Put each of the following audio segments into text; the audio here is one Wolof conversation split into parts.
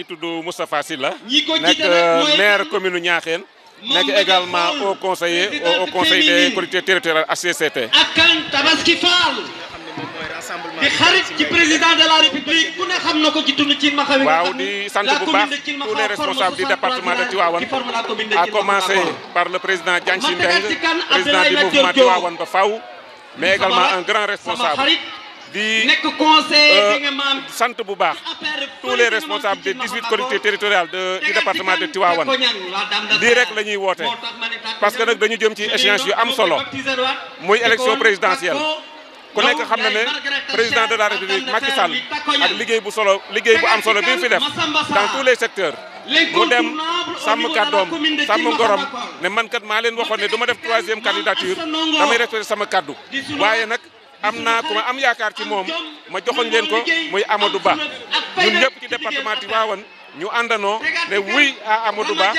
ngi tudd Moustapha Sylla nekk maire commune Niakhène nekk également au conseiller au conseil de la république ku ne xam waaw di sant bu baax tous les responsables du département de Tivaouane à commencer par le président Diagne Sy président du mouvement Tivaouane ba faw mais également un grand responsable di euh, sant bu baax tous les responsables des 18 collectivités territoriales de du département de Tivaouane lii rek la ñuy woote parce que nag dañu jëm ci échéance yu am solo muy élection présidentielle ku nekk xam na ne président de la république Macky Sall ak liggéey bu solo liggéey bu am solo bi fi def dans tous les secteurs mu dem sàmm kàddoom sàmm ngorom ne man kat maa leen waxoon ne du ma def troisième candidature damay respecté sama kàddu waaye nag am naa ku ma am yaakaar ci moom ma joxoñ leen ko muy Amadou Ba ñun ñëpp ci département Tivaouane ñu àndanoo ne a à Amadou Ba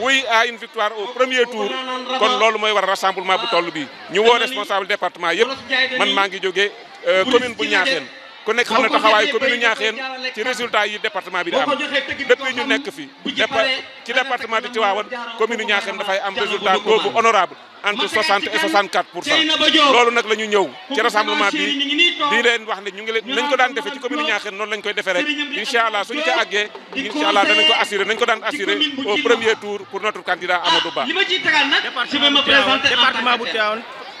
oui a une victoire au premier tour kon loolu mooy war rassemblement bu toll bi ñu woo responsable département yëpp man maa ngi jógee euh, commune bu Niakhène ku nekk xam na taxawaay commune Niakhène ci résultat yi département bi di am ñu nekk fi ci département di Tivaouane commune Niakhène dafay am résultat boobu honorable entre 60 et 64 pour cent loolu nag la ñëw ci rassemblement bi di leen wax ne ñu ngi leen nañ ko daan defee ci commune Niakhène noonu lañ koy defee rek incha allah suñu ca àggee incha allah danañ ko assurer nañ ko daan assurer au premier tour pour notre candidat ah,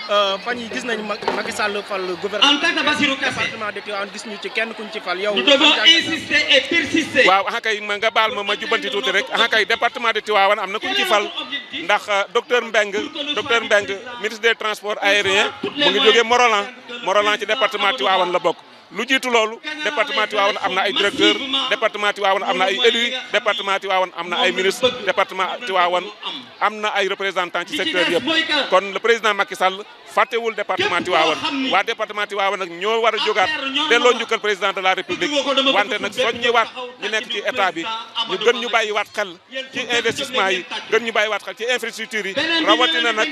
Euh, fan yi gis nañu Macky Sall fal gouvernement en tant que Bassirou Kassé département de Tivaouane gis ñu ci kenn kuñ ci fal yow. nous devons insister et persister. waaw ah ma nga baal ma ma jubanti tuuti rek ah kay département de Tivaouane am na kuñ ci fal ndax euh, docteur Mbengue docteur Mbengue ministre des transports aériens mu ngi jógee Morolan Morolan ci département Tivaouane la bokk. lu jiitu loolu département Tivaouane am na ay directeur département Tivaouane am na ay élus département Tivaouane am na ay ministre département Tivaouane am na ay représentant ci secteur yëpp kon le président Macky Sall fàttewul département Tivaouane waa département Tivaouane nag ñoo war a jógaat delloo njukkal président de la république wante nag soññiwaat ñu nekk ci état bi ñu gën ñu bàyyi waat xel ci investissement yi gën ñu bàyyi bàyyiwaat xel ci infrastructure yi rawatina nag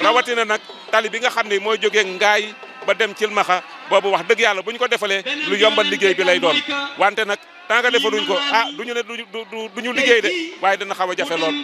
rawatina nag tali bi nga xam ne mooy jógee Ngaay ba dem Cilmaxa boobu wax dëgg yàlla bu ñu ko defalee lu yombal liggéey bi lay doon wante nag tant que defaluñ ko ah du ñu ne du du du ñu liggéey de waaye dana xaw a jafe lool.